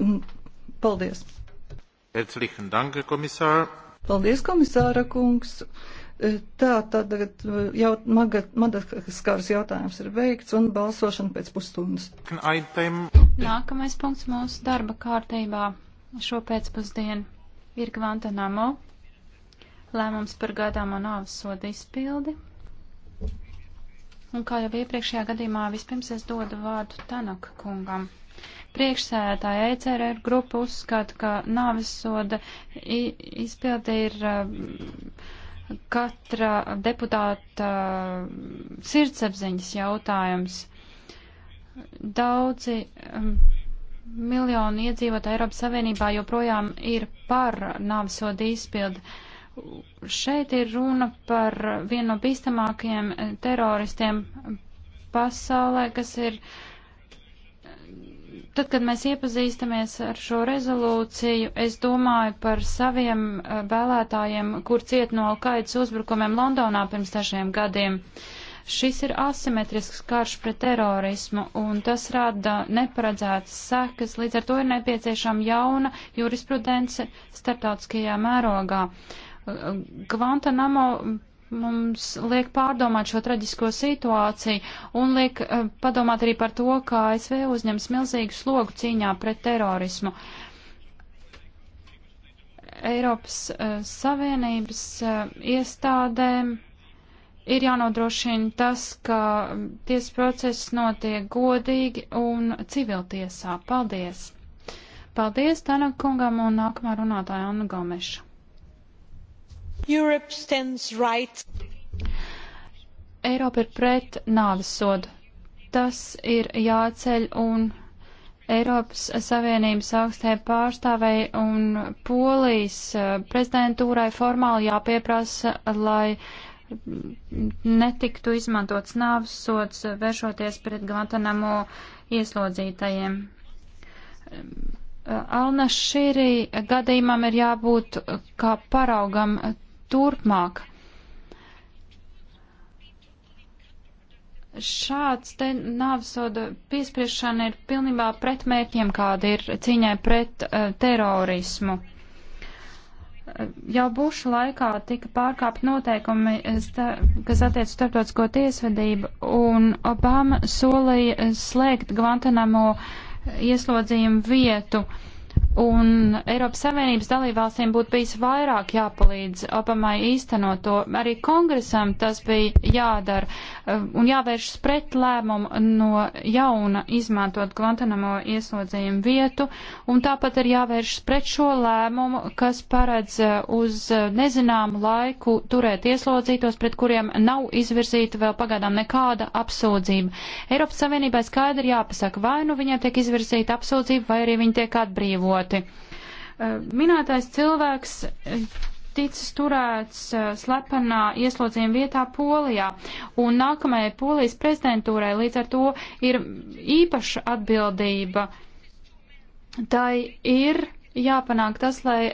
Mm, paldies! Herzlichen Dank, komisār! Paldies, komisāra kungs! E, tā, tad e, jau Madagaskaras jautājums ir veikts un balsošana pēc pusstundas. Nākamais punkts mūsu darba kārtībā šo pēcpusdienu ir Gvantanamo lēmums par gadāmo nāves sodu izpildi. Un kā jau iepriekšējā gadījumā, vispirms es dodu vārdu Tanaka kungam priekšsēdētāja ECR grupa uzskata, ka nāvisoda izpildi ir um, katra deputāta um, sirdsapziņas jautājums. Daudzi um, miljoni iedzīvotāji Eiropas Savienībā joprojām ir par nāvisoda izpildi. Šeit ir runa par vienu no bīstamākajiem teroristiem pasaulē, kas ir uh, Tad, kad mēs iepazīstamies ar šo rezolūciju, es domāju par saviem eh, vēlētājiem, kur ciet no Alkaidas uzbrukumiem Londonā pirms dažiem gadiem. Šis ir asimetrisks karš pret terorismu, un tas rada neparedzētas sekas, līdz ar to ir nepieciešama jauna jurisprudence starptautiskajā mērogā. Eh, Guantanamo mums liek pārdomāt šo traģisko situāciju un liek uh, padomāt arī par to, kā ASV uzņems milzīgu slogu cīņā pret terorismu. Eiropas uh, Savienības uh, iestādēm ir jānodrošina tas, ka tiesas process notiek godīgi un civiltiesā. Paldies! Paldies Tanakungam un nākamā runātāja Anna Gomeša. Right. Eiropa ir pret nāves sodu. Tas ir jāceļ un Eiropas Savienības augstajai pārstāvēji un Polijas eh, prezidentūrai formāli jāpieprasa, lai netiktu izmantots nāves sods, vēršoties pret Guantanamo ieslodzītajiem. Eh, Alna Šīrī gadījumam ir jābūt kā paraugam turpmāk. Šāds te nāvisoda piespriešana ir pilnībā pret mērķiem, kāda ir cīņai pret uh, terorismu. Jau būšu laikā tika pārkāpt noteikumi, eh, kas attiec starptautisko tiesvedību, un Obama solīja eh, slēgt Guantanamo ieslodzījumu vietu. Uh, Un Eiropas Savienības dalībvalstīm būtu bijis vairāk jāpalīdz Obamai īstenot to. Arī kongresam tas bija jādara eh, un jāvēršas pret lēmumu no jauna izmantot Guantanamo ieslodzījumu vietu. Un tāpat ir jāvēršas pret šo lēmumu, kas paredz eh, uz eh, nezināmu laiku turēt ieslodzītos, pret kuriem nav izvirzīta vēl pagaidām nekāda apsūdzība. Eiropas Savienībai skaidri jāpasaka, vai nu viņiem tiek izvirzīta apsūdzība, vai arī viņi tiek atbrīvot pamatoti. Minētais cilvēks ticis turēts slepenā ieslodzījuma vietā Polijā, un nākamajai Polijas prezidentūrai līdz ar to ir īpaša atbildība. Tai ir jāpanāk tas, lai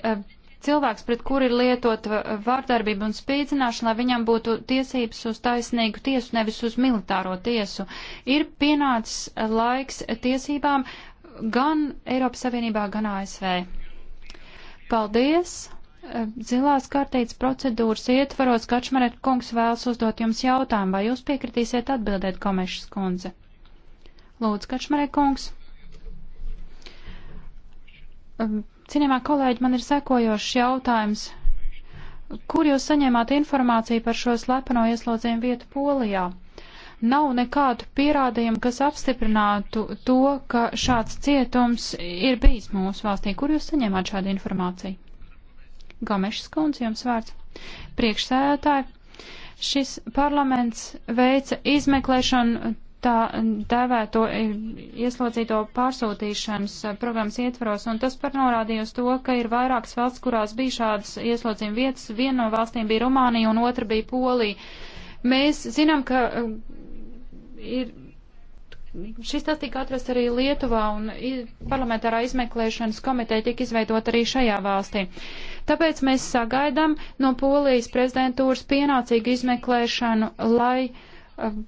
cilvēks, pret kuru ir lietot vārdarbību un spīdzināšanu, lai viņam būtu tiesības uz taisnīgu tiesu, nevis uz militāro tiesu. Ir pienācis laiks tiesībām, gan Eiropas Savienībā, gan ASV. Paldies! Zilās kartītes procedūras ietvaros Kačmaret kungs vēlas uzdot jums jautājumu, vai jūs piekritīsiet atbildēt komešas kundze. Lūdzu, Kačmaret kungs. Um, Cinemā kolēģi, man ir sekojošs jautājums. Kur jūs saņēmāt informāciju par šo slepeno ieslodzījumu vietu Polijā? nav nekādu pierādījumu, kas apstiprinātu to, ka šāds cietums ir bijis mūsu valstī. Kur jūs saņēmāt šādu informāciju? Gomešas kundze, jums vārds. Priekšsēdētāji, šis parlaments veica izmeklēšanu tā dēvēto ieslodzīto pārsūtīšanas programmas ietvaros, un tas par norādīja uz to, ka ir vairākas valsts, kurās bija šādas ieslodzījuma vietas. Viena no valstīm bija Rumānija un otra bija Polija. Mēs zinām, ka ir Šis tas tika atrasts arī Lietuvā, un parlamentārā izmeklēšanas komiteja tika izveidot arī šajā valstī. Tāpēc mēs sagaidām no Polijas prezidentūras pienācīgu izmeklēšanu, lai uh,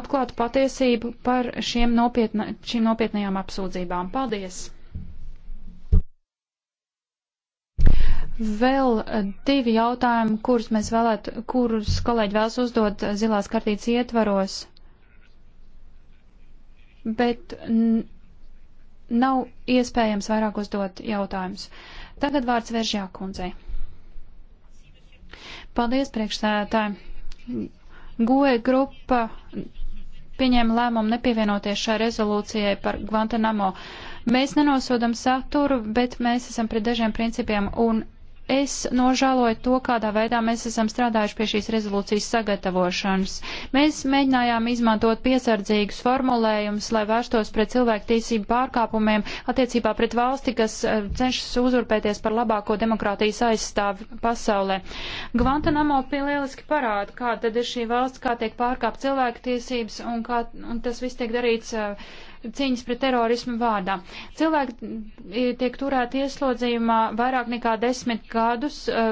atklātu patiesību par šiem nopietna, šīm nopietnajām apsūdzībām. Paldies! Vēl uh, divi jautājumi, kurus mēs vēlētu, kurus kolēģi vēlas uzdot uh, zilās kartītes ietvaros bet nav iespējams vairāk uzdot jautājumus. Tagad vārds Veržjā kundzei. Paldies, priekšsēdētāji. Goja grupa pieņēma lēmumu nepievienoties šai rezolūcijai par Guantanamo. Mēs nenosodam saturu, bet mēs esam pret dažiem principiem un es nožēloju to, kādā veidā mēs esam strādājuši pie šīs rezolūcijas sagatavošanas. Mēs mēģinājām izmantot piesardzīgus formulējumus, lai vērstos pret cilvēktiesību pārkāpumiem attiecībā pret valsti, kas eh, cenšas uzurpēties par labāko demokrātijas aizstāvi pasaulē. Gvantanamo lieliski parāda, kā tad ir šī valsts, kā tiek pārkāpt cilvēktiesības un, kā, un tas viss tiek darīts uh, cīņas pret terorismu vārdā. Cilvēki e, tiek turēti ieslodzījumā vairāk nekā desmit gadus, e,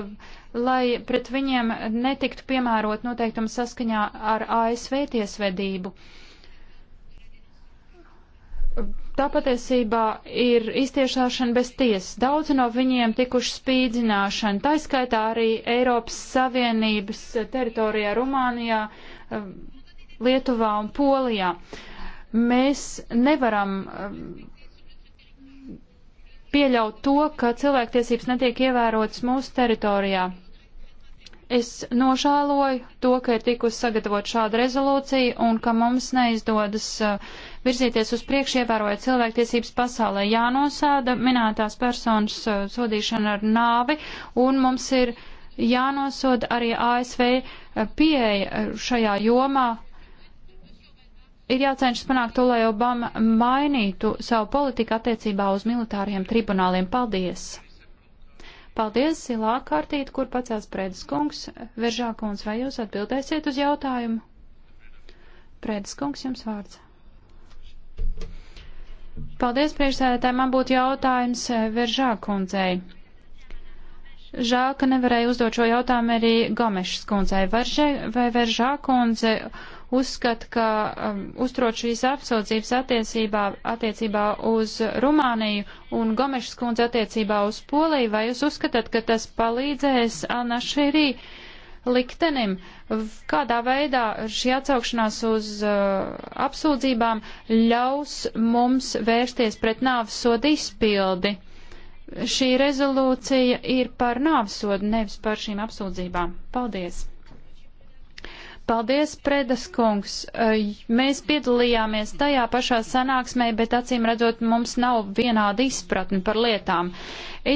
lai pret viņiem netiktu piemērot noteiktam saskaņā ar ASV tiesvedību. Tā patiesībā ir iztiešāšana bez tiesas. Daudzi no viņiem tikuši spīdzināšana, tā skaitā arī Eiropas Savienības teritorijā, Rumānijā, e, Lietuvā un Polijā. Uh, Mēs nevaram um, pieļaut to, ka cilvēktiesības netiek ievērotas mūsu teritorijā. Es nožēloju to, ka ir tikusi sagatavot šāda rezolūcija un ka mums neizdodas uh, virzīties uz priekšu, ievērojot cilvēktiesības pasaulē. Jānosāda minētās personas uh, sodīšana ar nāvi un mums ir jānosoda arī ASV uh, pieeja šajā jomā ir jācenšas panākt to, lai Obama mainītu savu politiku attiecībā uz militāriem tribunāliem. Paldies! Paldies, silā kārtīt, kur pacēls prēdas kungs. Veržā kungs, vai jūs atbildēsiet uz jautājumu? Prēdas kungs, jums vārds. Paldies, priekšsēdētāji, man būtu jautājums eh, Veržā kundzei. Žēl, ka nevarēju uzdot šo jautājumu arī Gomešas kundzei. Varže, vai Veržā kundze uzskata, ka um, uztrot šīs apsūdzības attiecībā, attiecībā uz Rumāniju un Gomešas kundze attiecībā uz Poliju, vai jūs uzskatāt, ka tas palīdzēs Alna Širī liktenim? Kādā veidā šī atsaukšanās uz uh, apsūdzībām ļaus mums vērsties pret nāves sodu izpildi? šī rezolūcija ir par nāvsodu, nevis par šīm apsūdzībām. Paldies! Paldies, Predas kungs! Mēs piedalījāmies tajā pašā sanāksmē, bet acīm redzot, mums nav vienāda izpratne par lietām.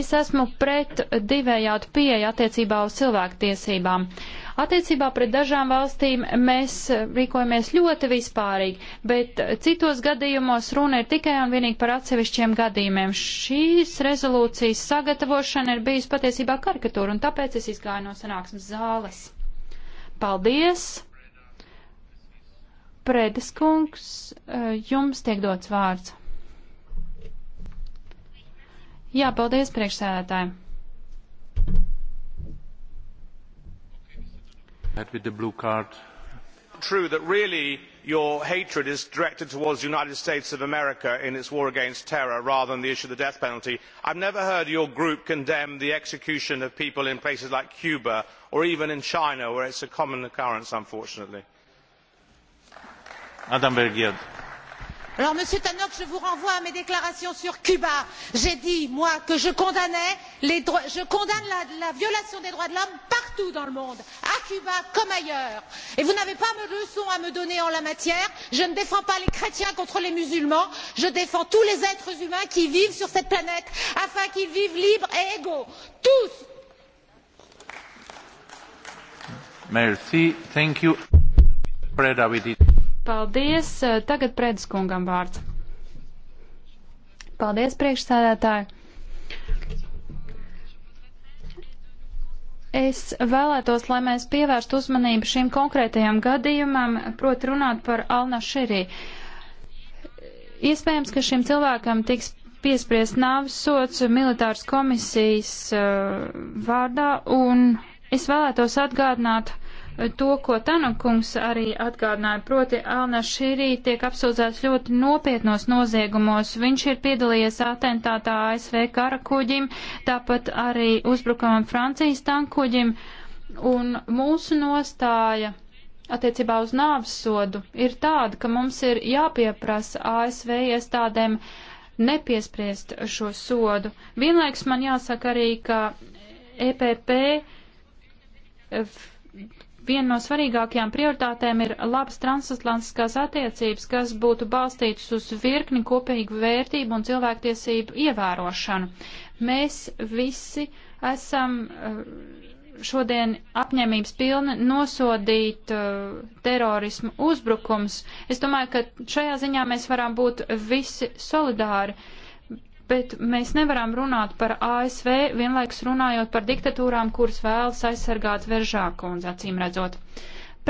Es esmu pret divējādu pieeja attiecībā uz cilvēktiesībām. Uh, Attiecībā pret dažām valstīm mēs eh, rīkojamies ļoti vispārīgi, bet eh, citos gadījumos runa ir tikai un vienīgi par atsevišķiem gadījumiem. Šīs rezolūcijas sagatavošana ir bijusi patiesībā karikatūra, un tāpēc es izgāju no sanāksmes zāles. Paldies! Predes kungs, eh, jums tiek dots vārds. Jā, paldies priekšsēdētājiem. true that really your hatred is directed towards the united states of america in its war against terror rather than the issue of the death penalty. i have never heard your group condemn the execution of people in places like cuba or even in china where it is a common occurrence unfortunately alors monsieur tannock je vous renvoie à mes déclarations sur cuba. j'ai dit que je condamnais la violation des droits de l'homme partout dans le monde à cuba comme ailleurs et vous n'avez pas de leçons à me donner en la matière. je ne défends pas les chrétiens contre les musulmans je défends tous les êtres humains qui vivent sur cette planète afin qu'ils vivent libres et égaux tous. Paldies. Tagad prēdiskungam vārds. Paldies, priekšsēdētāji. Es vēlētos, lai mēs pievērstu uzmanību šim konkrētajam gadījumam, proti runāt par Alna Širī. Iespējams, ka šim cilvēkam tiks piespriest nāvis sots militārs komisijas uh, vārdā, un es vēlētos atgādināt to, ko Tanukungs arī atgādināja, proti Alna Šīrī tiek apsūdzēts ļoti nopietnos noziegumos. Viņš ir piedalījies atentātā ASV karakuģim, tāpat arī uzbrukumam Francijas tankuģim, un mūsu nostāja attiecībā uz nāves sodu ir tāda, ka mums ir jāpieprasa ASV iestādēm nepiespriest šo sodu. Vienlaiks man jāsaka arī, ka EPP Viena no svarīgākajām prioritātēm ir labas transatlantiskās attiecības, kas būtu balstītas uz virkni kopīgu vērtību un cilvēktiesību ievērošanu. Mēs visi esam eh, šodien apņēmības pilni nosodīt uh, terorismu uzbrukums. Es domāju, ka šajā ziņā mēs varam būt visi solidāri. Uh, bet mēs nevaram runāt par ASV, vienlaiks runājot par diktatūrām, kuras vēlas aizsargāt veržāku un acīm redzot.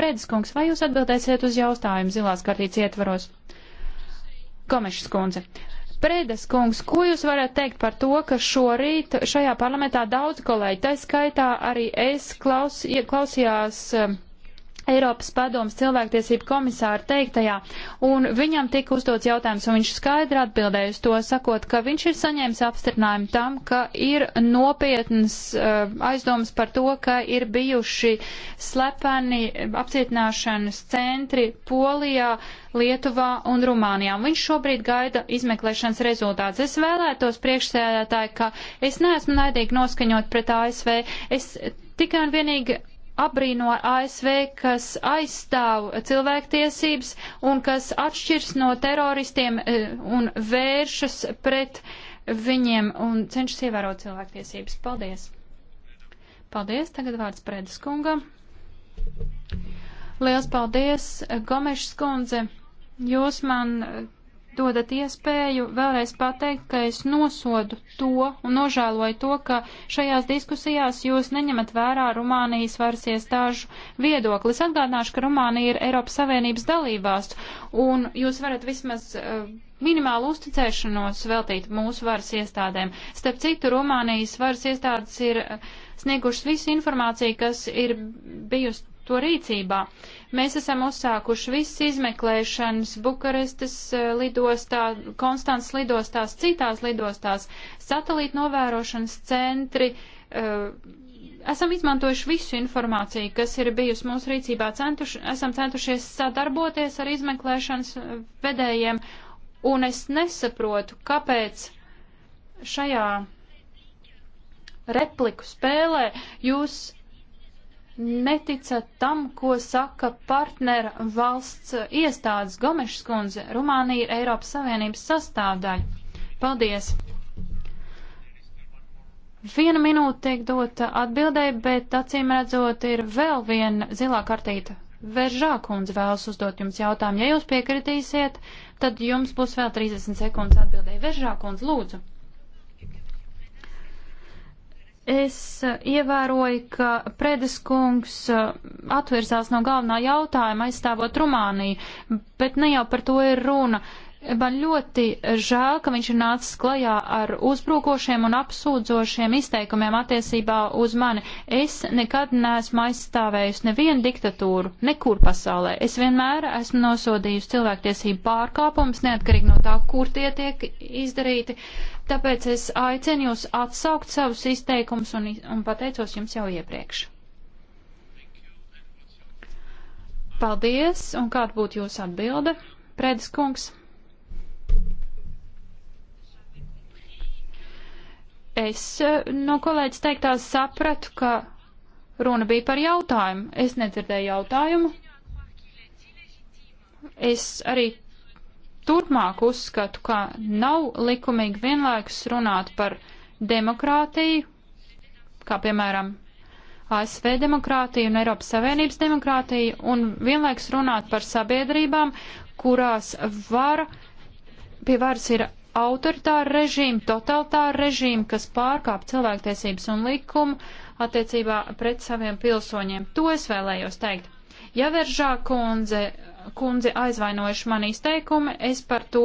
Prēdis kungs, vai jūs atbildēsiet uz jautājumu zilās kartītes ietvaros? Komešas kundze. Prēdes kungs, ko jūs varat teikt par to, ka šorīt šajā parlamentā daudz kolēģi, tā skaitā arī es klaus, klausījās uh, Eiropas padomas cilvēktiesību komisāra teiktajā, un viņam tika uzdots jautājums, un viņš skaidri atbildēja uz to, sakot, ka viņš ir saņēmis apstiprinājumu tam, ka ir nopietnas uh, aizdomas par to, ka ir bijuši slepeni apcietināšanas centri Polijā, Lietuvā un Rumānijā. Un viņš šobrīd gaida izmeklēšanas rezultāts. Es vēlētos priekšsēdētāji, ka es neesmu naidīgi noskaņot pret ASV. Es tikai un vienīgi apbrīno ASV, kas aizstāv cilvēktiesības un kas atšķirs no teroristiem e, un vēršas pret viņiem un cenšas ievērot cilvēktiesības. Paldies! Paldies! Tagad vārds Prēdas kungam. Liels paldies, Gomešs kundze! Jūs man dodat iespēju vēlreiz pateikt, ka es nosodu to un nožēloju to, ka šajās diskusijās jūs neņemat vērā Rumānijas varas iestāžu viedoklis. Atgādināšu, ka Rumānija ir Eiropas Savienības dalībās, un jūs varat vismaz uh, minimālu uzticēšanos veltīt mūsu varas iestādēm. Starp citu, Rumānijas varas iestādes ir eh, sniegušas visu informāciju, kas ir bijusi to rīcībā. Mēs esam uzsākuši visas izmeklēšanas Bukarestas e, lidostā, Konstants lidostās, citās lidostās, satelīta novērošanas centri. E, esam izmantojuši visu informāciju, kas ir bijusi mūsu rīcībā. Centuši, esam centušies sadarboties ar izmeklēšanas e, vedējiem, un es nesaprotu, kāpēc šajā repliku spēlē jūs neticat tam, ko saka partnera valsts iestādes Gomešas kundze. Rumānija ir Eiropas Savienības sastāvdaļa. Paldies! Viena minūte tiek dota atbildēji, bet acīm redzot ir vēl viena zilā kartīta. Veržā kundze vēlas uzdot jums jautājumu. Ja jūs piekritīsiet, tad jums būs vēl 30 sekundes atbildēji. Veržā kundze, lūdzu! Es eh, ievēroju, ka Predes kungs eh, atvirzās no galvenā jautājuma aizstāvot Rumāniju, bet ne jau par to ir runa. Man ļoti žēl, ka viņš ir nācis klajā ar uzbrukošiem un apsūdzošiem izteikumiem attiecībā uz mani. Es nekad neesmu aizstāvējusi nevienu diktatūru, nekur pasaulē. Es vienmēr esmu nosodījusi cilvēktiesību pārkāpumus, neatkarīgi no tā, kur tie tiek izdarīti. Tāpēc es aicinu jūs atsaukt savus izteikumus un, un pateicos jums jau iepriekš. Paldies, un kāda būtu jūsu atbilde, Prēdis kungs? Es eh, no kolēģis teiktās sapratu, ka runa bija par jautājumu. Es nedzirdēju jautājumu. Es arī turpmāk uzskatu, ka nav likumīgi vienlaikus runāt par demokrātiju, kā piemēram ASV demokrātiju un Eiropas Savienības demokrātiju, un vienlaikus runāt par sabiedrībām, kurās var, pie varas ir autoritāru režīmu, totalitāru režīmu, kas pārkāp cilvēktiesības un likumu attiecībā pret saviem pilsoņiem. To es vēlējos teikt. Ja veržā kundze, kundze aizvainojuši mani izteikumi, es par to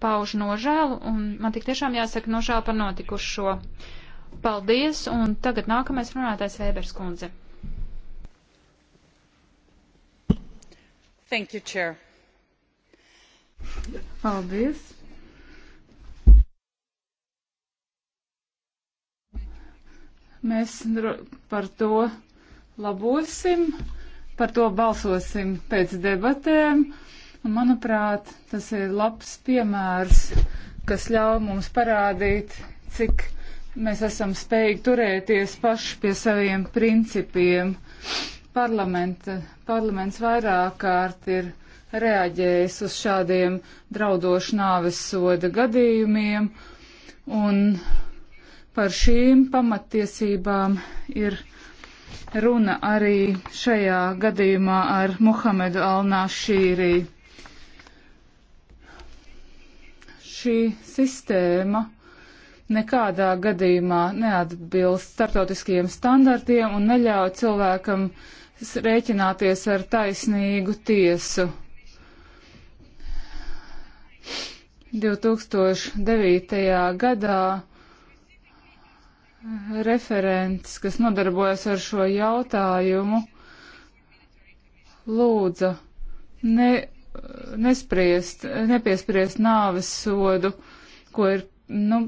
paužu nožēlu un man tik tiešām jāsaka nožēlu par notikušo. Paldies, un tagad nākamais runātājs Vēbers kundze. Thank you, Chair. Paldies. Mēs par to labosim, par to balsosim pēc debatēm. Un, manuprāt, tas ir labs piemērs, kas ļauj mums parādīt, cik mēs esam spējīgi turēties paši pie saviem principiem. Parlamenta, parlaments vairāk kārt ir reaģējis uz šādiem draudošu nāves soda gadījumiem, un Par šīm pamattiesībām ir runa arī šajā gadījumā ar Muhamedu Alnāšīrī. Šī sistēma nekādā gadījumā neatbilst startautiskajiem standartiem un neļauj cilvēkam rēķināties ar taisnīgu tiesu. 2009. gadā referents, kas nodarbojas ar šo jautājumu, lūdza ne, nespriest, nepiespriest nāves sodu, ko ir, nu,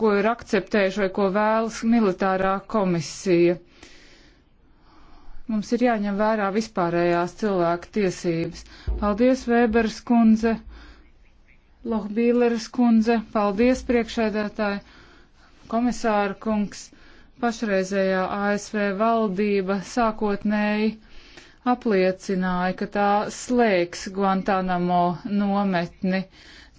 ko ir akceptējuši vai ko vēlas militārā komisija. Mums ir jāņem vērā vispārējās cilvēku tiesības. Paldies, Vēberas kundze, Lohbīleras kundze, paldies, priekšēdētāji komisāra kungs, pašreizējā ASV valdība sākotnēji apliecināja, ka tā slēgs Guantanamo nometni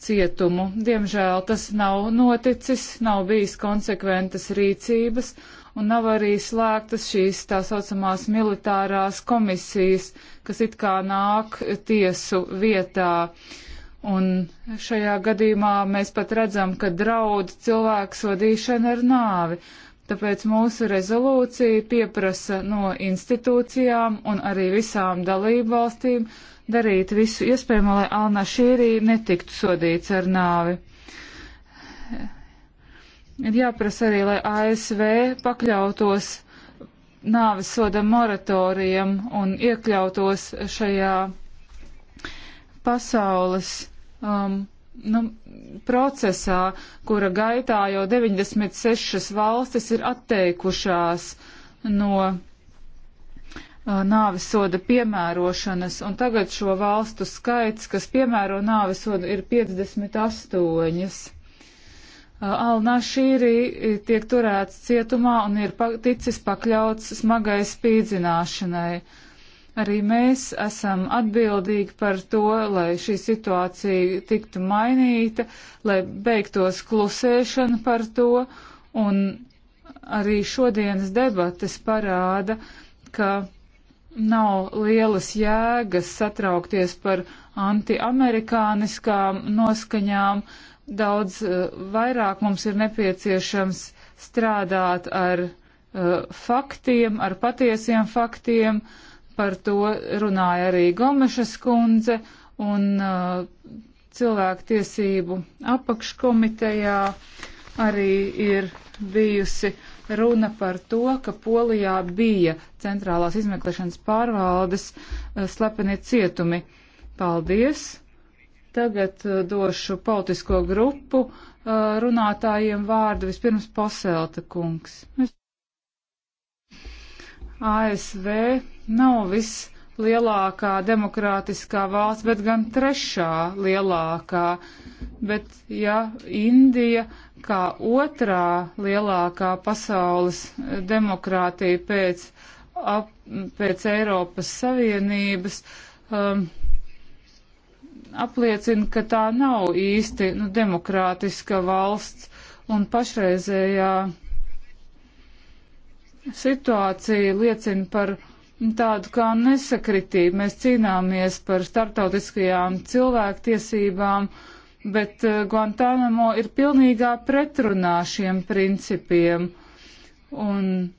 cietumu. Diemžēl tas nav noticis, nav bijis konsekventas rīcības un nav arī slēgtas šīs tā saucamās militārās komisijas, kas it kā nāk tiesu vietā. Uh, Un šajā gadījumā mēs pat redzam, ka draud cilvēku sodīšana ar nāvi. Tāpēc mūsu rezolūcija pieprasa no institūcijām un arī visām dalību valstīm darīt visu iespējamo, lai Alna Šīrī netiktu sodīts ar nāvi. Ir jāprasa arī, lai ASV pakļautos nāves soda moratorijam un iekļautos šajā pasaules um, nu, procesā, kura gaitā jau 96 valstis ir atteikušās no uh, nāvisoda piemērošanas, un tagad šo valstu skaits, kas piemēro nāvisodu, ir 58. Uh, Al-Nashīri tiek turēts cietumā un ir ticis pakļauts smagai spīdzināšanai. Uh, Arī mēs esam atbildīgi par to, lai šī situācija tiktu mainīta, lai beigtos klusēšana par to. Un arī šodienas debates parāda, ka nav lielas jēgas satraukties par antiamerikāniskām noskaņām. Daudz uh, vairāk mums ir nepieciešams strādāt ar uh, faktiem, ar patiesiem faktiem, uh, par to runāja arī Gomešas kundze un uh, cilvēktiesību apakškomitejā arī ir bijusi runa par to, ka Polijā bija centrālās izmeklēšanas pārvaldes uh, slepeni cietumi. Paldies! Tagad uh, došu politisko grupu uh, runātājiem vārdu vispirms Poselta kungs. ASV nav vislielākā demokrātiskā valsts, bet gan trešā lielākā. Bet ja Indija kā otrā lielākā pasaules demokrātija pēc, ap, pēc Eiropas Savienības um, apliecina, ka tā nav īsti nu, demokrātiska valsts un pašreizējā. Ja situācija liecina par tādu kā nesakritību. Mēs cīnāmies par startautiskajām cilvēktiesībām, bet eh, Guantanamo ir pilnīgā pretrunā šiem principiem. Un eh,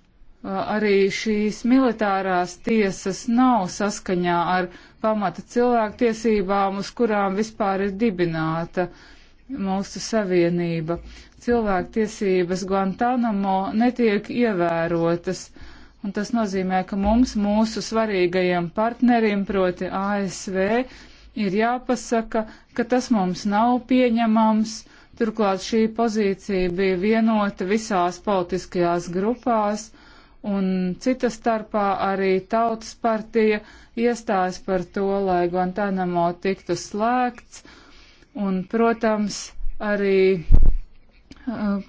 arī šīs militārās tiesas nav saskaņā ar pamata cilvēktiesībām, uz kurām vispār ir dibināta mūsu savienība cilvēktiesības Guantanamo netiek ievērotas. Un tas nozīmē, ka mums, mūsu svarīgajiem partnerim, proti ASV, ir jāpasaka, ka tas mums nav pieņemams. Turklāt šī pozīcija bija vienota visās politiskajās grupās, un cita starpā arī tautas partija iestājas par to, lai Guantanamo tiktu slēgts. Un, protams, arī Eh,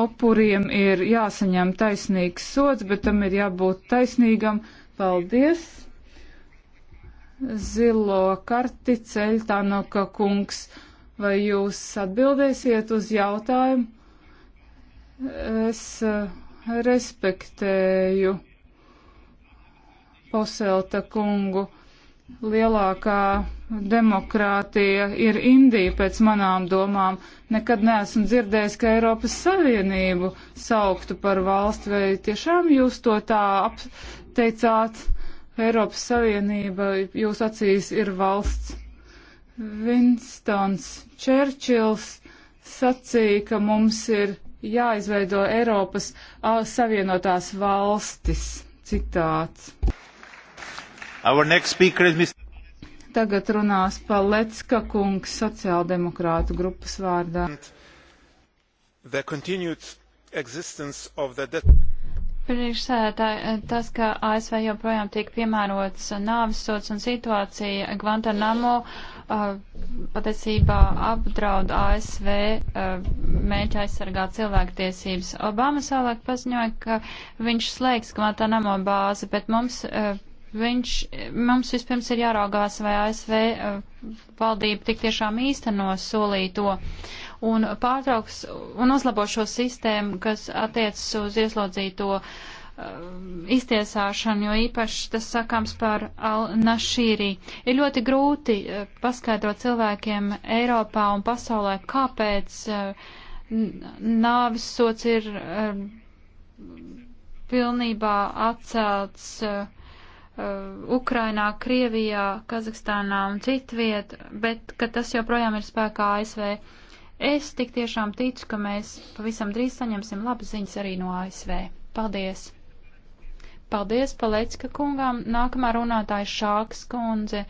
opuriem ir jāsaņem taisnīgs sods, bet tam ir jābūt taisnīgam. Paldies! Zilo karti ceļ Tanoka kungs. Vai jūs atbildēsiet uz jautājumu? Es eh, respektēju Poselta kungu lielākā demokrātija ir Indija pēc manām domām. Nekad neesmu dzirdējis, ka Eiropas Savienību sauktu par valsti, vai tiešām jūs to tā apteicāt? Eiropas Savienība jūs acīs ir valsts. Vinstons Čērčils sacīja, ka mums ir jāizveido Eiropas Savienotās valstis. Citāts. Tagad runās Palecka kungs sociāldemokrātu grupas vārdā. Priekšsēdētāji, eh, tas, ka ASV joprojām tiek piemērots nāvis sots un situācija Guantanamo uh, eh, patiesībā apdraud ASV uh, eh, mēģi aizsargāt cilvēktiesības. Obama savulaik paziņoja, ka viņš slēgs Guantanamo bāzi, bet mums uh, Viņš, mums vispirms ir jāraugās, vai ASV eh, valdība tik tiešām īsteno solīto un pārtrauks un uzlabo šo sistēmu, kas attiecas uz ieslodzīto uh, iztiesāšanu, jo īpaši tas sakāms par Al-Nashīrī. Ir ļoti grūti uh, paskaidrot cilvēkiem Eiropā un pasaulē, kāpēc uh, nāvis sots ir pilnībā atcelts Uh, Ukrainā, Krievijā, Kazahstānā un citviet, bet ka tas joprojām ir spēkā ASV. Es tik tiešām ticu, ka mēs pavisam drīz saņemsim labas ziņas arī no ASV. Paldies! Paldies Palecka kungām. Nākamā runātāja Šāks kundze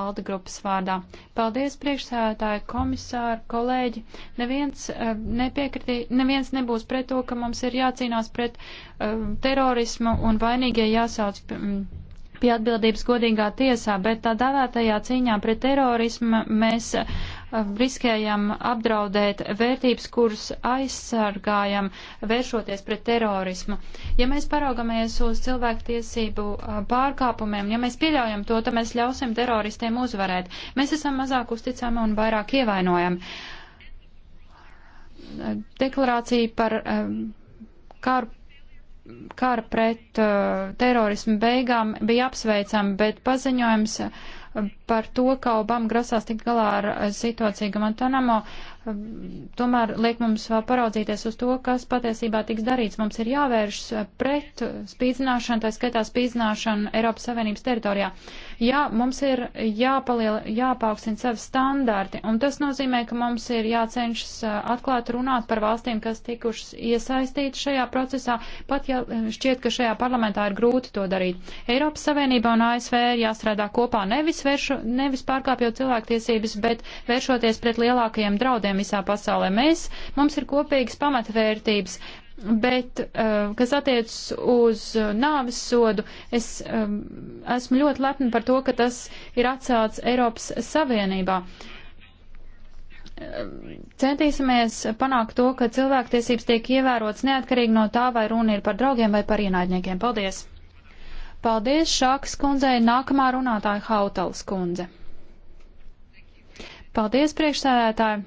Alda grupas vārdā. Paldies priekšsēdētāji, komisāri, kolēģi. Neviens, eh, nepiekritī, neviens nebūs pret to, ka mums ir jācīnās pret um, terorismu un vainīgie jāsauc. Um, pie atbildības godīgā tiesā, bet tā dēvētajā cīņā pret terorismu mēs eh, riskējam apdraudēt vērtības, kuras aizsargājam, vēršoties pret terorismu. Ja mēs paraugamies uz cilvēktiesību eh, pārkāpumiem, ja mēs pieļaujam to, tad mēs ļausim teroristiem uzvarēt. Mēs esam mazāk uzticami un vairāk ievainojami. Deklarācija par eh, karu kara pret uh, terorismu beigām bija apsveicami, bet paziņojums uh, par to, ka Obama grasās tikt galā ar uh, situāciju Guantanamo, uh, Ehm, tomēr liek mums paraudzīties uz to, kas patiesībā tiks darīts. Mums ir jāvēršas eh, pret spīdzināšanu, tā skaitā spīdzināšanu Eiropas Savienības teritorijā. Jā, mums ir jāpaliela, jāpaukstina savi standarti, un tas nozīmē, ka mums ir jācenšas eh, atklāt runāt par valstīm, kas tikušas iesaistītas šajā procesā, pat ja eh, šķiet, ka šajā parlamentā ir grūti to darīt. Eiropas Savienība un ASV ir jāstrādā kopā nevis, vēršu, nevis pārkāpjot cilvēktiesības, bet vēršoties pret lielākajiem draudiem reģioniem visā pasaulē. Mēs, mums ir kopīgas pamatvērtības, bet, eh, kas attiecas uz eh, nāves sodu, es eh, esmu ļoti lepna par to, ka tas ir atcelts Eiropas Savienībā centīsimies panākt to, ka cilvēktiesības tiek ievērotas neatkarīgi no tā, vai runa ir par draugiem vai par ienaidniekiem. Paldies! Paldies Šākas kundzei, nākamā runātāja Hautals kundze. Paldies priekšsēdētāji!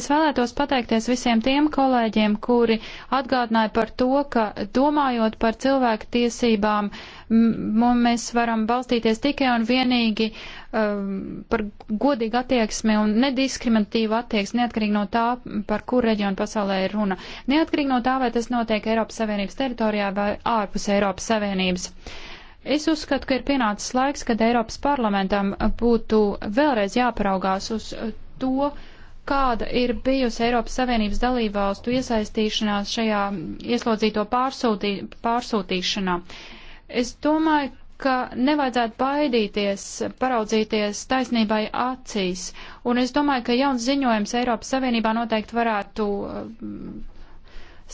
Es vēlētos pateikties visiem tiem kolēģiem, kuri atgādināja par to, ka domājot par cilvēku tiesībām, mēs varam balstīties tikai un vienīgi um, par godīgu attieksmi un nediskriminatīvu attieksmi, neatkarīgi no tā, par kur reģionu pasaulē ir runa. Neatkarīgi no tā, vai tas notiek Eiropas Savienības teritorijā vai ārpus Eiropas Savienības. Es uzskatu, ka ir pienācis laiks, kad Eiropas parlamentam būtu vēlreiz jāparaugās uz to, uh, kāda ir bijusi Eiropas Savienības dalībvalstu iesaistīšanās šajā ieslodzīto pārsūtī, pārsūtīšanā. Es domāju, ka nevajadzētu baidīties, paraudzīties taisnībai acīs, un es domāju, ka jauns ziņojums Eiropas Savienībā noteikti varētu uh,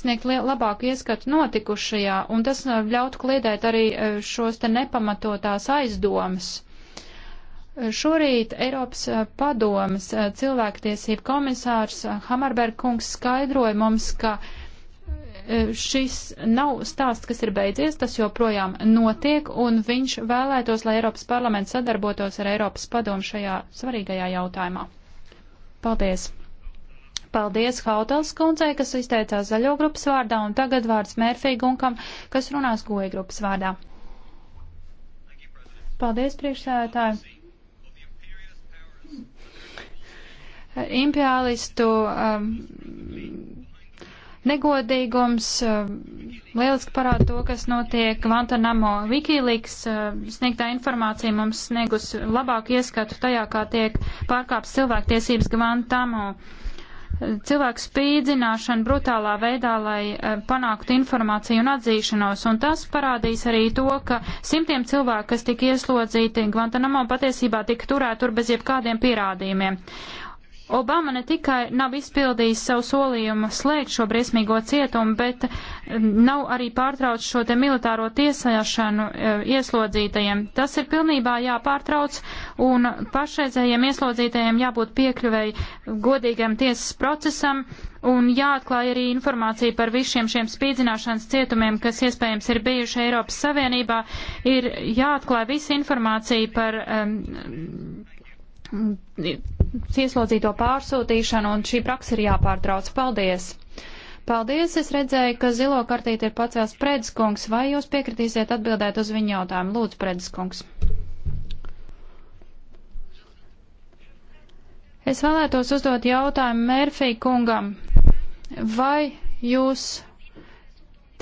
sniegt labāku ieskatu notikušajā, un tas uh, ļautu kliedēt arī uh, šos te nepamatotās aizdomas. Šorīt Eiropas eh, padomas eh, cilvēktiesību komisārs eh, Hamarberg kungs skaidroja mums, ka šis nav stāsts, kas ir beidzies, tas joprojām notiek, un viņš vēlētos, lai Eiropas parlaments sadarbotos ar Eiropas padomu šajā svarīgajā jautājumā. Paldies! Paldies Hautels kundzei, kas izteicās zaļo grupas vārdā, un tagad vārds Mērfī Gunkam, kas runās goja grupas vārdā. Paldies, priekšsēdētāji! imperialistu um, negodīgums um, lieliski parāda to, kas notiek Guantanamo. Wikileaks um, sniegtā informācija mums sniegus labāku ieskatu tajā, kā tiek pārkāpts cilvēktiesības Guantanamo cilvēku spīdzināšanu brutālā veidā, lai um, panāktu informāciju un atzīšanos. Un tas parādīs arī to, ka simtiem cilvēku, kas tika ieslodzīti Guantanamo, patiesībā tika turēti tur bez jebkādiem pierādījumiem. Obama ne tikai nav izpildījis savu solījumu slēgt šo briesmīgo cietumu, bet mm, nav arī pārtraucis šo te militāro tiesāšanu e, ieslodzītajiem. Tas ir pilnībā jāpārtrauc un pašreizējiem ieslodzītajiem jābūt piekļuvēji godīgam tiesas procesam un jāatklāja arī informācija par visiem šiem spīdzināšanas cietumiem, kas iespējams ir bijuši Eiropas Savienībā. Ir jāatklāja visa informācija par. Um, ieslodzīto pārsūtīšanu, un šī praksa ir jāpārtrauc. Paldies! Paldies! Es redzēju, ka zilo kartīti ir pacēls Predskungs. Vai jūs piekritīsiet atbildēt uz viņu jautājumu? Lūdzu, Predskungs! Es vēlētos uzdot jautājumu Mērfī kungam. Vai jūs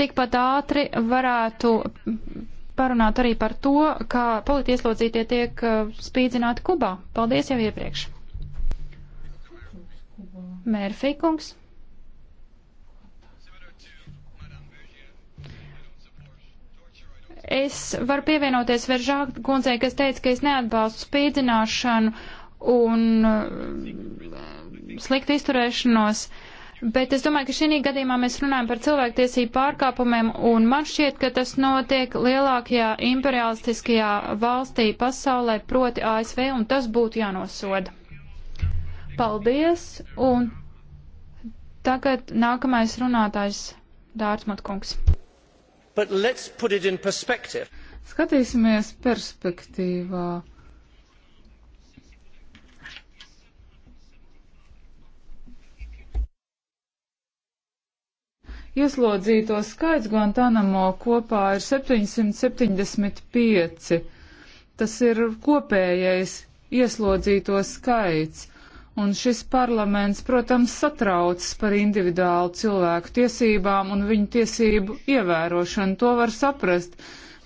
tikpat ātri varētu parunāt arī par to, kā politieslodzītie tiek uh, spīdzināti Kubā. Paldies jau iepriekš. Mērfīkungs. Es varu pievienoties Veržāk kundzei, kas teica, ka es neatbalstu spīdzināšanu un uh, sliktu izturēšanos. Bet es domāju, ka šī gadījumā mēs runājam par cilvēktiesību pārkāpumiem, un man šķiet, ka tas notiek lielākajā imperialistiskajā valstī pasaulē, proti ASV, un tas būtu jānosoda. Paldies, un tagad nākamais runātājs Dārtsmat kungs. Skatīsimies perspektīvā. Ieslodzīto skaits Guantanamo kopā ir 775. Tas ir kopējais ieslodzīto skaits. Un šis parlaments, protams, satraucas par individuālu cilvēku tiesībām un viņu tiesību ievērošanu. To var saprast,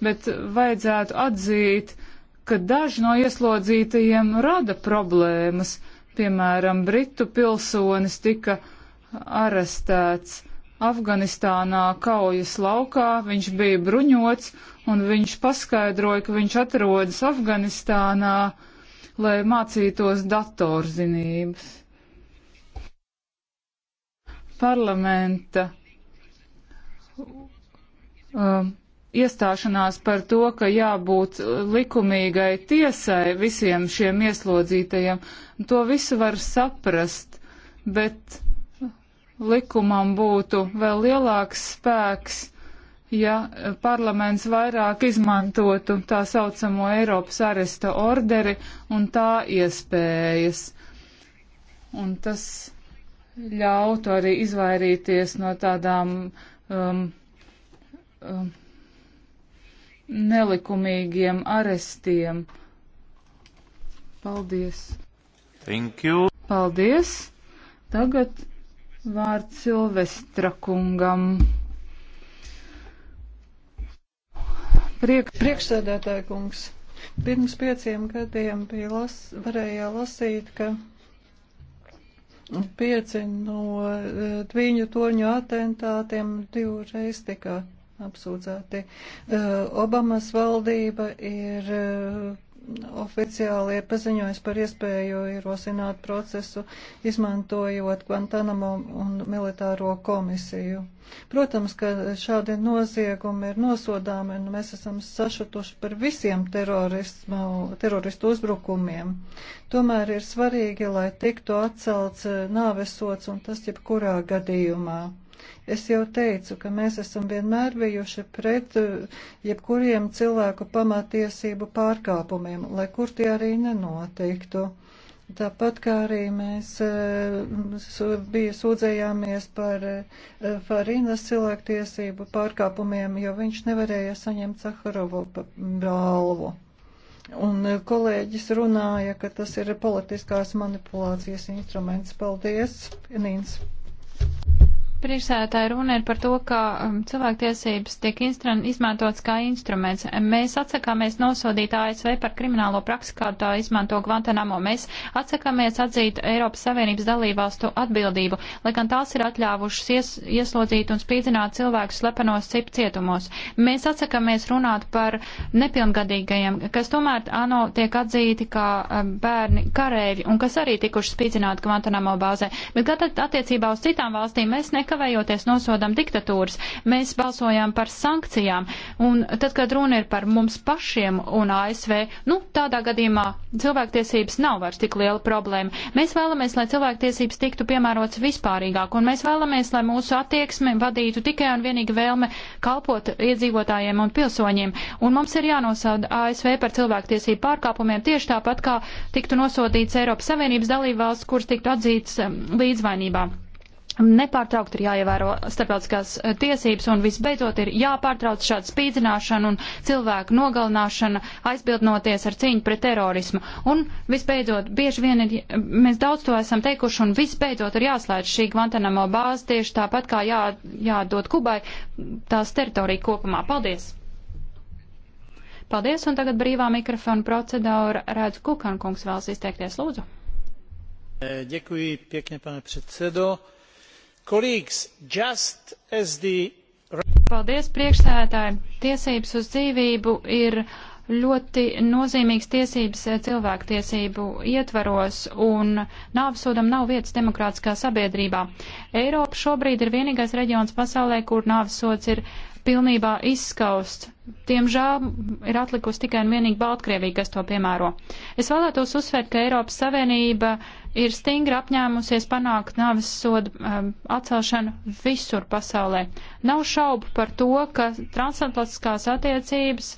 bet vajadzētu atzīt, ka daži no ieslodzītajiem rada problēmas. Piemēram, Britu pilsonis tika arestēts Afganistānā kaujas laukā, viņš bija bruņots un viņš paskaidroja, ka viņš atrodas Afganistānā lai mācītos datorzinības. Parlamenta um, iestāšanās par to, ka jābūt likumīgai tiesai visiem šiem ieslodzītajiem, to visu var saprast, bet likumam būtu vēl lielāks spēks ja eh, parlaments vairāk izmantotu tā saucamo Eiropas aresta orderi un tā iespējas. Un tas ļautu arī izvairīties no tādām um, um, nelikumīgiem arestiem. Paldies! Thank you! Paldies! Tagad vārds Silvestra kungam. Priek, priekšsēdētāja kungs, pirms pieciem gadiem bija las, varēja lasīt, ka pieci no dviņu e, toņu atentātiem divreiz tika apsūdzēti. E, Obamas valdība ir e, oficiāli ir paziņojis par iespēju ierosināt procesu, izmantojot Guantanamo un militāro komisiju. Protams, ka šādi noziegumi ir nosodāmi, un mēs esam sašutuši par visiem teroristu uzbrukumiem. Tomēr ir svarīgi, lai tiktu atcelts nāvesots, un tas jebkurā gadījumā. Es jau teicu, ka mēs esam vienmēr bijuši pret eh, jebkuriem cilvēku pamatiesību pārkāpumiem, lai kur tie arī nenotiktu. Tāpat kā arī mēs eh, bija sūdzējāmies par eh, Farinas cilvēktiesību pārkāpumiem, jo viņš nevarēja saņemt Caharovu balvu. Un kolēģis runāja, ka tas ir politiskās manipulācijas instruments. Paldies, Nīns! priekšsēdētāja runa ir par to, ka um, cilvēktiesības tiek izmantotas kā instruments. Mēs atsakāmies nosodīt ASV par kriminālo praksi, kādu tā izmanto Guantanamo. Mēs atsakāmies atzīt Eiropas Savienības dalībvalstu atbildību, lai gan tās ir atļāvušas ies, ieslodzīt un spīdzināt cilvēkus slepenos cip cietumos. Mēs atsakāmies runāt par nepilngadīgajiem, kas tomēr ANO tiek atzīti kā um, bērni karēvi un kas arī tikuši spīdzināti Guantanamo bāzē. Bet attiecībā uz citām valstīm mēs nekā nekavējoties nosodam diktatūras. Mēs balsojām par sankcijām, un tad, kad runa ir par mums pašiem un ASV, nu, tādā gadījumā cilvēktiesības nav vairs tik liela problēma. Mēs vēlamies, lai cilvēktiesības tiktu piemērots vispārīgāk, un mēs vēlamies, lai mūsu attieksme vadītu tikai un vienīgi vēlme kalpot iedzīvotājiem un pilsoņiem. Un mums ir jānosauda ASV par cilvēktiesību pārkāpumiem tieši tāpat, kā tiktu nosodīts Eiropas Savienības dalībvalsts, kuras tiktu atzīts um, līdzvainībā. Nepārtraukt ir jāievēro starptautiskās eh, tiesības un visbeidzot ir jāpārtrauc šāda spīdzināšana un cilvēku nogalināšana, aizbildnoties ar cīņu pret terorismu. Un visbeidzot, bieži vien ir, mēs daudz to esam teikuši un visbeidzot ir jāslēdz šī Guantanamo bāze tieši tāpat kā jā, jādod Kubai tās teritorija kopumā. Paldies! Paldies un tagad brīvā mikrofona procedūra redz Kukankungs vēlas izteikties lūdzu. Ďakujem pekne, pane predsedo Paldies, priekšsēdētāji! Tiesības uz dzīvību ir ļoti nozīmīgs tiesības eh, cilvēktiesību ietvaros, un nāvsodam nav vietas demokrātiskā sabiedrībā. Eiropa šobrīd ir vienīgais reģions pasaulē, kur nāvsods ir pilnībā izskaust. Tiemžēl ir atlikusi tikai un vienīgi Baltkrievija, kas to piemēro. Es vēlētos uzsvērt, ka Eiropas Savienība ir stingri apņēmusies panākt nāves sodu um, atcelšanu visur pasaulē. Nav šaubu par to, ka transatlantiskās attiecības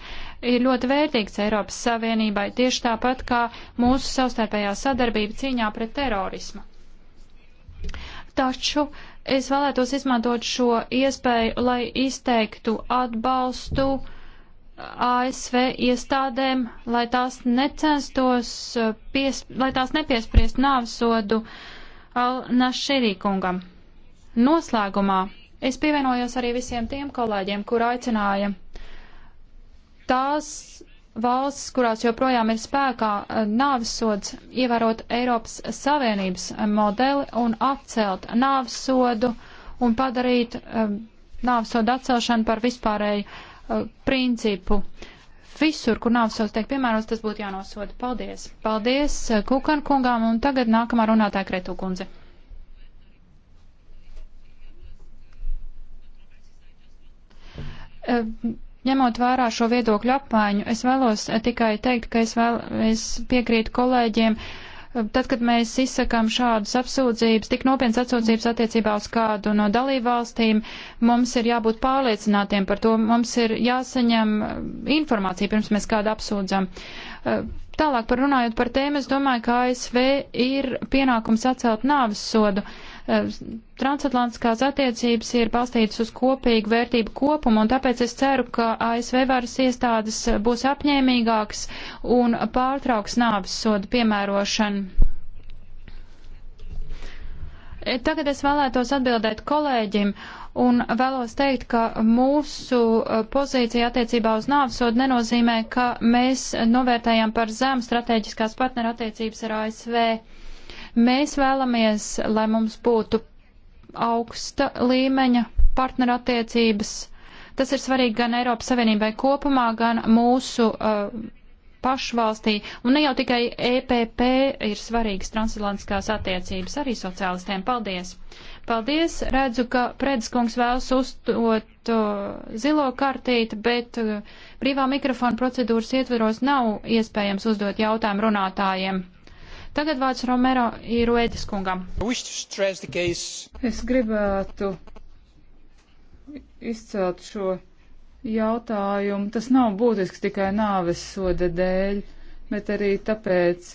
ir ļoti vērtīgs Eiropas Savienībai, tieši tāpat kā mūsu savstarpējā sadarbība cīņā pret terorismu. Taču uh, Es vēlētos izmantot šo iespēju, lai izteiktu atbalstu ASV iestādēm, lai tās necenstos, eh, pies, lai tās nepiespriest nāvsodu Al-Nashirī kungam. Noslēgumā es pievienojos arī visiem tiem kolēģiem, kur aicināja tās valsts, kurās joprojām ir spēkā eh, nāvisods, ievērot Eiropas Savienības eh, modeli un atcelt nāvisodu un padarīt um, eh, nāvisodu atcelšanu par vispārēju uh, principu. Visur, kur nāvisods tiek piemērots, tas būtu jānosoda. Paldies! Paldies Kukan kungām un tagad nākamā runātāja Kretu kundze. Uh, Ņemot vērā šo viedokļu apmaiņu, es vēlos eh, tikai teikt, ka es, vēl, es piekrītu kolēģiem, eh, tad, kad mēs izsakām šādas apsūdzības, tik nopietnas atsūdzības attiecībā uz kādu no dalībvalstīm, mums ir jābūt pārliecinātiem par to, mums ir jāsaņem eh, informācija, pirms mēs kādu apsūdzam. Tālāk par runājot par tēmu, es domāju, ka ASV ir pienākums atcelt nāves sodu. Uh, Eh, transatlantiskās attiecības ir balstītas uz kopīgu vērtību kopumu, un tāpēc es ceru, ka ASV varas iestādes būs apņēmīgāks un pārtrauks nāvis sodu piemērošanu. Eh, tagad es vēlētos atbildēt kolēģim un vēlos teikt, ka mūsu eh, pozīcija attiecībā uz nāvsodu nenozīmē, ka mēs novērtējam par zemu strateģiskās partnerattiecības ar ASV. Mēs vēlamies, lai mums būtu augsta līmeņa partnerattiecības. Tas ir svarīgi gan Eiropas Savienībai kopumā, gan mūsu uh, pašvalstī. Un ne jau tikai EPP ir svarīgas transatlantiskās attiecības, arī sociālistiem. Paldies! Paldies! Redzu, ka Predskungs vēlas uztot uh, zilo kartīti, bet uh, brīvā mikrofona procedūras ietveros nav iespējams uzdot jautājumu runātājiem. Tagad vārds Romero Iruēdis kungam. Es gribētu izcelt šo jautājumu. Tas nav būtisks tikai nāves soda dēļ, bet arī tāpēc,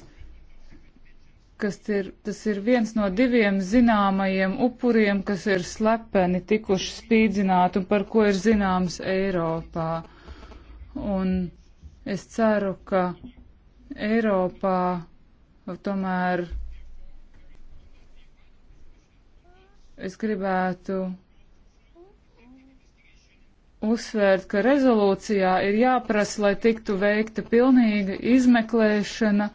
ka tas ir viens no diviem zināmajiem upuriem, kas ir slepeni tikuši spīdzināti un par ko ir zināms Eiropā. Un es ceru, ka Eiropā Nu, tomēr es gribētu uzsvērt, ka rezolūcijā ir jāprasa, lai tiktu veikta pilnīga izmeklēšana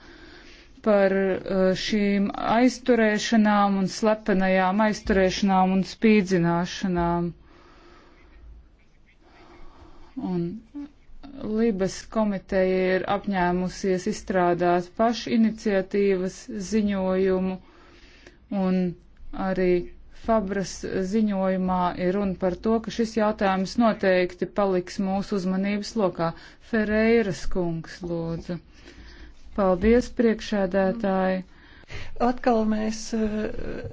par uh, šīm aizturēšanām un slepenajām aizturēšanām un spīdzināšanām. Un Libes komiteja ir apņēmusies izstrādāt pašiniciatīvas ziņojumu un arī Fabras ziņojumā ir runa par to, ka šis jautājums noteikti paliks mūsu uzmanības lokā. Ferreiras kungs lūdzu. Paldies, priekšēdētāji. Mm. Atkal mēs e,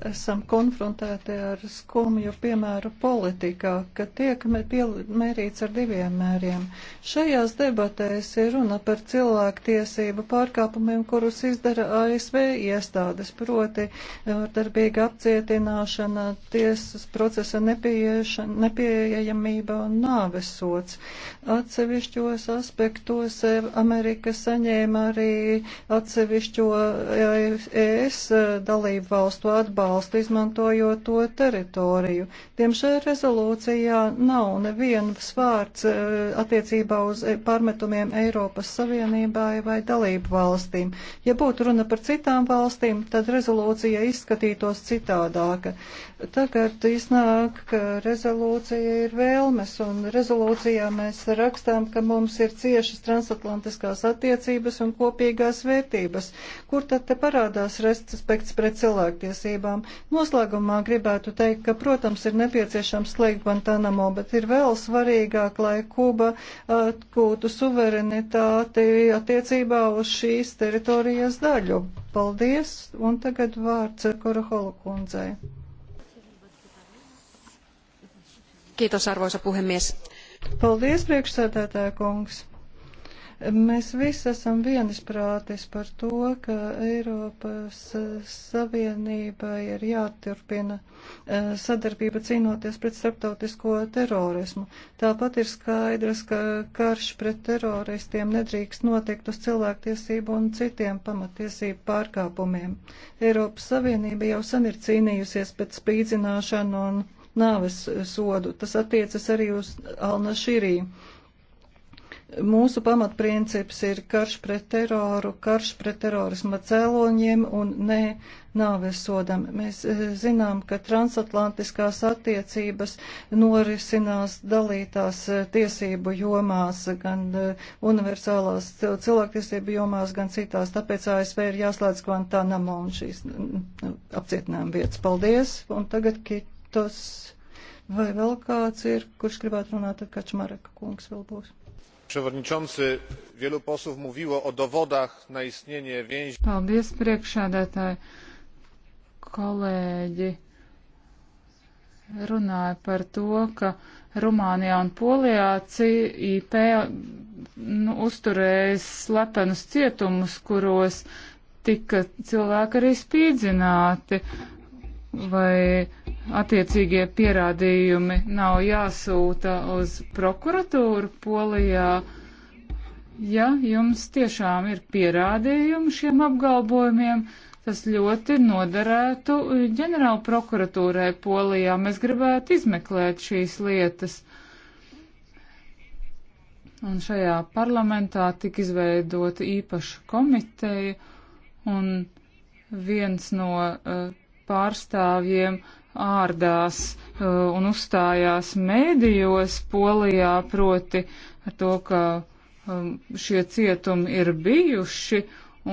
esam konfrontēti ar skumju piemēru politikā, ka tiek mērīts ar diviem mēriem. Šajās debatēs ir runa par cilvēktiesību pārkāpumiem, kurus izdara ASV iestādes, proti e, vardarbīga apcietināšana, tiesas procesa nepieejamība un nāvesots. Atsevišķos aspektos e, Amerika saņēma arī atsevišķo ES eh, dalību valstu atbalstu izmantojot to teritoriju. Diemžēl rezolūcijā nav nevienas vārds eh, attiecībā uz pārmetumiem Eiropas Savienībai vai dalību valstīm. Ja būtu runa par citām valstīm, tad rezolūcija izskatītos citādāka. Tagad iznāk, ka rezolūcija ir vēlmes, un rezolūcijā mēs rakstām, ka mums ir ciešas transatlantiskās attiecības un kopīgās vērtības. Kur tad te parādās liels respekts pret cilvēktiesībām. Noslēgumā gribētu teikt, ka, protams, ir nepieciešams slēgt Guantanamo, bet ir vēl svarīgāk, lai Kuba atgūtu suverenitāti attiecībā uz šīs teritorijas daļu. Paldies, un tagad vārds Koraholu kundzei. Kiitos, arvoisa puhemies. Paldies, priekšsēdētāja kungs. Mēs visi esam vienisprātis par to, ka Eiropas eh, Savienībai ir jāturpina eh, sadarbība cīnoties pret starptautisko terorismu. Tāpat ir skaidrs, ka karš pret teroristiem nedrīkst notikt uz cilvēktiesību un citiem pamatiesību pārkāpumiem. Eiropas Savienība jau sen ir cīnījusies pret spīdzināšanu un nāves sodu. Tas attiecas arī uz Alna Širī. Mūsu pamatprincips ir karš pret teroru, karš pret terorisma cēloņiem un ne nāvesodam. Mēs eh, zinām, ka transatlantiskās attiecības norisinās dalītās eh, tiesību jomās, gan eh, universālās cilvēktiesību jomās, gan citās. Tāpēc ASV ir jāslēdz Guantanamo un šīs mm, apcietinājuma vietas. Paldies! Un tagad kitos. Vai vēl kāds ir, kurš gribētu runāt, tad Kačmareka kungs vēl būs przewodniczący! wielu posłów mówiło o dowodach na istnienie więzi. paldies priekšsēdētāji kolēģi runāja par to ka rumānijā un polijā cip nu, uzturējis slepenus cietumus kuros tika cilvēki arī spīdzināti vai attiecīgie pierādījumi nav jāsūta uz prokuratūru Polijā. Ja jums tiešām ir pierādījumi šiem apgalvojumiem, tas ļoti noderētu ģenerāla prokuratūrai Polijā. Mēs gribētu izmeklēt šīs lietas. Un šajā parlamentā tika izveidota īpaša komiteja, un viens no uh, pārstāvjiem ārdās uh, un uzstājās mēdījos Polijā proti ar to, ka um, šie cietumi ir bijuši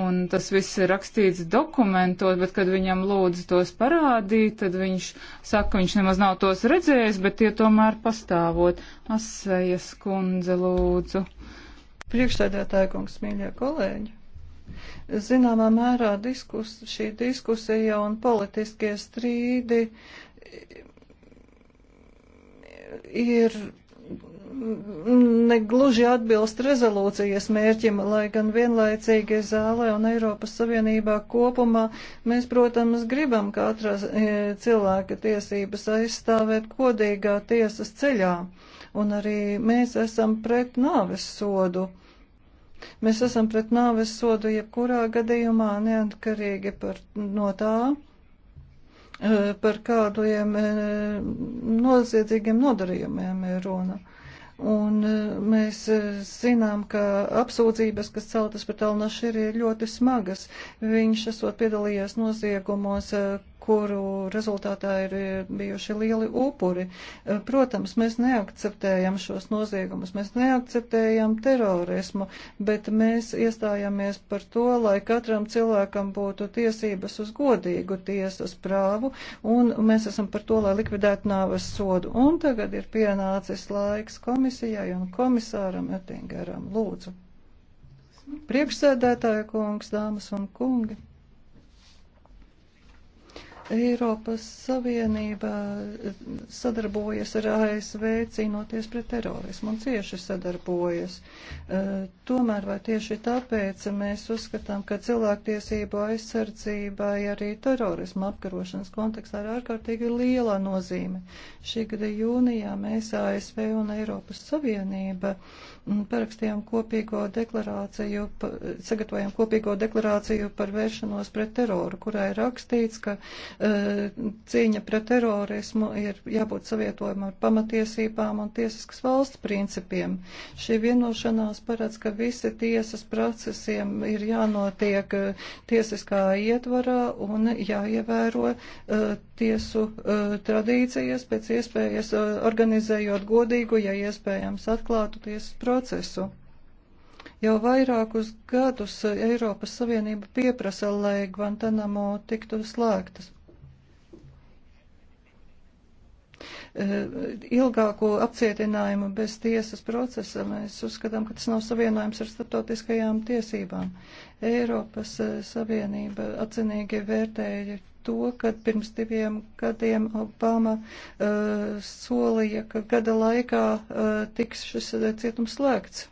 un tas viss ir rakstīts dokumentos, bet kad viņam lūdzu tos parādīt, tad viņš saka, ka viņš nemaz nav tos redzējis, bet tie tomēr pastāvot. Asējas kundze lūdzu. Priekšstādātāja kungs, mīļie kolēģi. Zināmā mērā diskus, šī diskusija un politiskie strīdi ir negluži atbilst rezolūcijas mērķim, lai gan vienlaicīgi zālē un Eiropas Savienībā kopumā mēs, protams, gribam katra e, cilvēka tiesības aizstāvēt kodīgā tiesas ceļā, un arī mēs esam pret nāves sodu. Mēs esam pret nāves sodu jebkurā gadījumā, neatkarīgi par, no tā, e, par kādiem e, noziedzīgiem nodarījumiem ir runa. Un e, mēs zinām, ka apsūdzības, kas celtas pret Alnaširi, ir ļoti smagas. Viņš esot piedalījies noziegumos, kuru rezultātā ir e, bijuši lieli upuri. E, protams, mēs neakceptējam šos noziegumus, mēs neakceptējam terorismu, bet mēs iestājāmies par to, lai katram cilvēkam būtu tiesības uz godīgu tiesas prāvu, un mēs esam par to, lai likvidētu nāves sodu. Un tagad ir pienācis laiks komisijai un komisāram Ettingeram. Lūdzu. Priekšsēdētāja kungs, dāmas un kungi. Eiropas Savienība eh, sadarbojas ar ASV cīnoties pret terorismu un cieši sadarbojas. Eh, tomēr vai tieši tāpēc mēs uzskatām, ka cilvēktiesību aizsardzībai arī terorismu apkarošanas kontekstā ir ārkārtīgi liela nozīme. Šī gada jūnijā mēs ASV un Eiropas Savienība uh, parakstījām kopīgo deklarāciju, sagatavojām kopīgo deklarāciju par vēršanos pret teroru, kurā ir rakstīts, ka eh, cīņa pret terorismu ir jābūt savietojama ar pamatiesībām un tiesiskas valsts principiem. Šī vienošanās paredz, ka visi tiesas procesiem ir jānotiek eh, tiesiskā ietvarā un jāievēro eh, tiesu tradīcijas pēc iespējas organizējot godīgu, ja iespējams atklātu tiesas procesu procesu. Jau vairākus gadus Eiropas Savienība pieprasa, lai Guantanamo tiktu slēgtas. E, ilgāko apcietinājumu bez tiesas procesa mēs uzskatām, ka tas nav savienojums ar starptautiskajām tiesībām. Eiropas e, Savienība atzinīgi vērtēja to, kad pirms diviem gadiem Obama uh, solīja, ka gada laikā uh, tiks šis uh, cietums slēgts.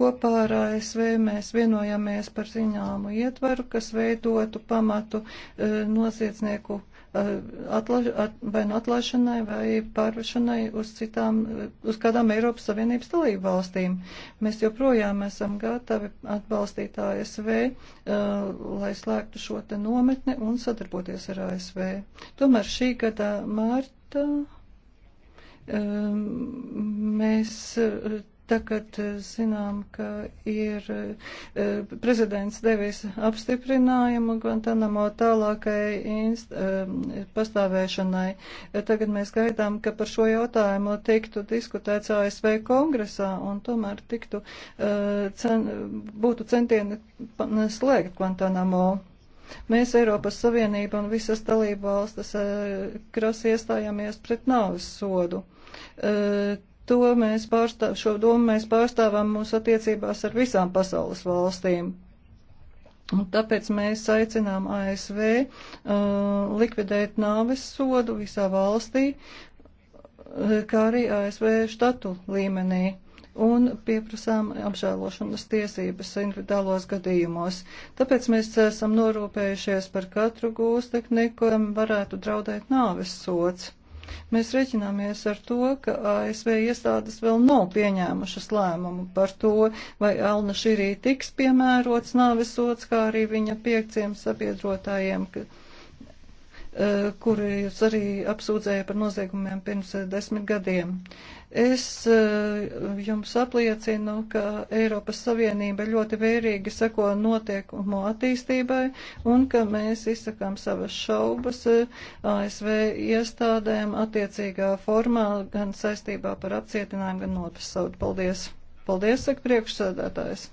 Kopā ar ASV mēs vienojamies par ziņāmu ietvaru, kas veidotu pamatu uh, noziedznieku Eh, atla, at, vai nu atlaišanai, vai pārvešanai uz citām, eh, uz kādām Eiropas Savienības dalību valstīm. Mēs joprojām esam gatavi atbalstīt ASV, eh, lai slēgtu šo te nometni un sadarboties ar ASV. Tomēr šī gada mārta mēs Tagad eh, zinām, ka ir eh, prezidents devis apstiprinājumu Guantanamo tālākai inst, eh, pastāvēšanai. Tagad mēs gaidām, ka par šo jautājumu tiktu diskutēts ASV kongresā un tomēr tiktu, cen, būtu centieni slēgt Guantanamo. Mēs Eiropas Savienība un visas dalība valstis krasi iestājāmies pret nāvis sodu to mēs pārstāv, šo domu mēs pārstāvam mūsu attiecībās ar visām pasaules valstīm. Un tāpēc mēs aicinām ASV uh, likvidēt nāves sodu visā valstī, uh, kā arī ASV štatu līmenī. Un pieprasām apžēlošanas tiesības individuālos gadījumos. Tāpēc mēs esam norūpējušies par katru gūstekni, kuram varētu draudēt nāves sots. Mēs reķināmies ar to, ka ASV iestādes vēl nav pieņēmušas lēmumu par to, vai Alna Širī tiks piemērots nāvisots, kā arī viņa piekciem sabiedrotājiem, ka, eh, kuri arī apsūdzēja par noziegumiem pirms eh, desmit gadiem. Uh, Es eh, jums apliecinu, ka Eiropas Savienība ļoti vērīgi seko notiekumu attīstībai un ka mēs izsakām savas šaubas eh, ASV iestādēm attiecīgā formā gan saistībā par apcietinājumu, gan nopisaut. Paldies! Paldies, saka priekšsēdētājs!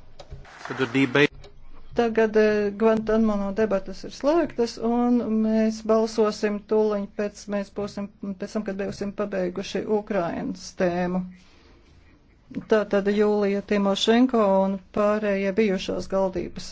Tad ir dībai. Tagad eh, Guantanamo debatas ir slēgtas, un mēs balsosim tūliņ pēc, mēs būsim, pēc tam, kad būsim pabeiguši Ukrainas tēmu. Tātad Jūlija Timošenko un pārējie bijušās galdības.